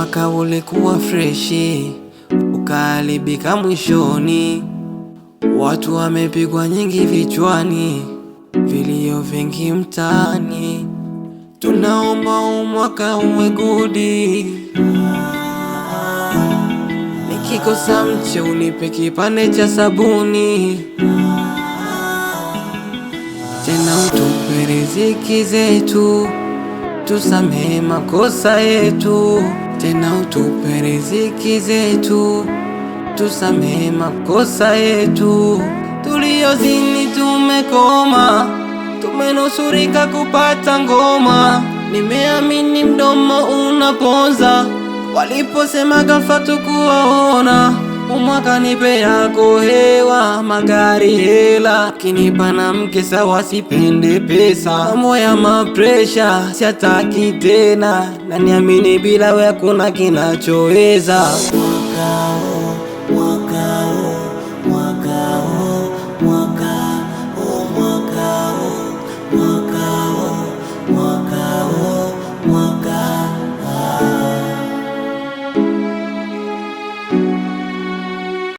Mwaka ulikuwa freshi, ukaharibika mwishoni. Watu wamepigwa nyingi vichwani, vilio vingi mtaani. Tunaomba umwaka uwe gudi. Nikikosa mche unipe kipande cha sabuni, tena utupe riziki zetu, tusamehe makosa yetu tena utupe riziki zetu, tusamehe makosa yetu tuliyozini, tumekoma, tumenusurika kupata ngoma. Nimeamini mdomo unaponza, waliposema ghafla tukuwaona Umwaka nipe yako hewa, magari hela, kinipa na mke sawa, sipende pesa, moya mapresha, siataki tena, na niamini bila we hakuna kinachoweza mwakao, mwakao, mwakao, mwakao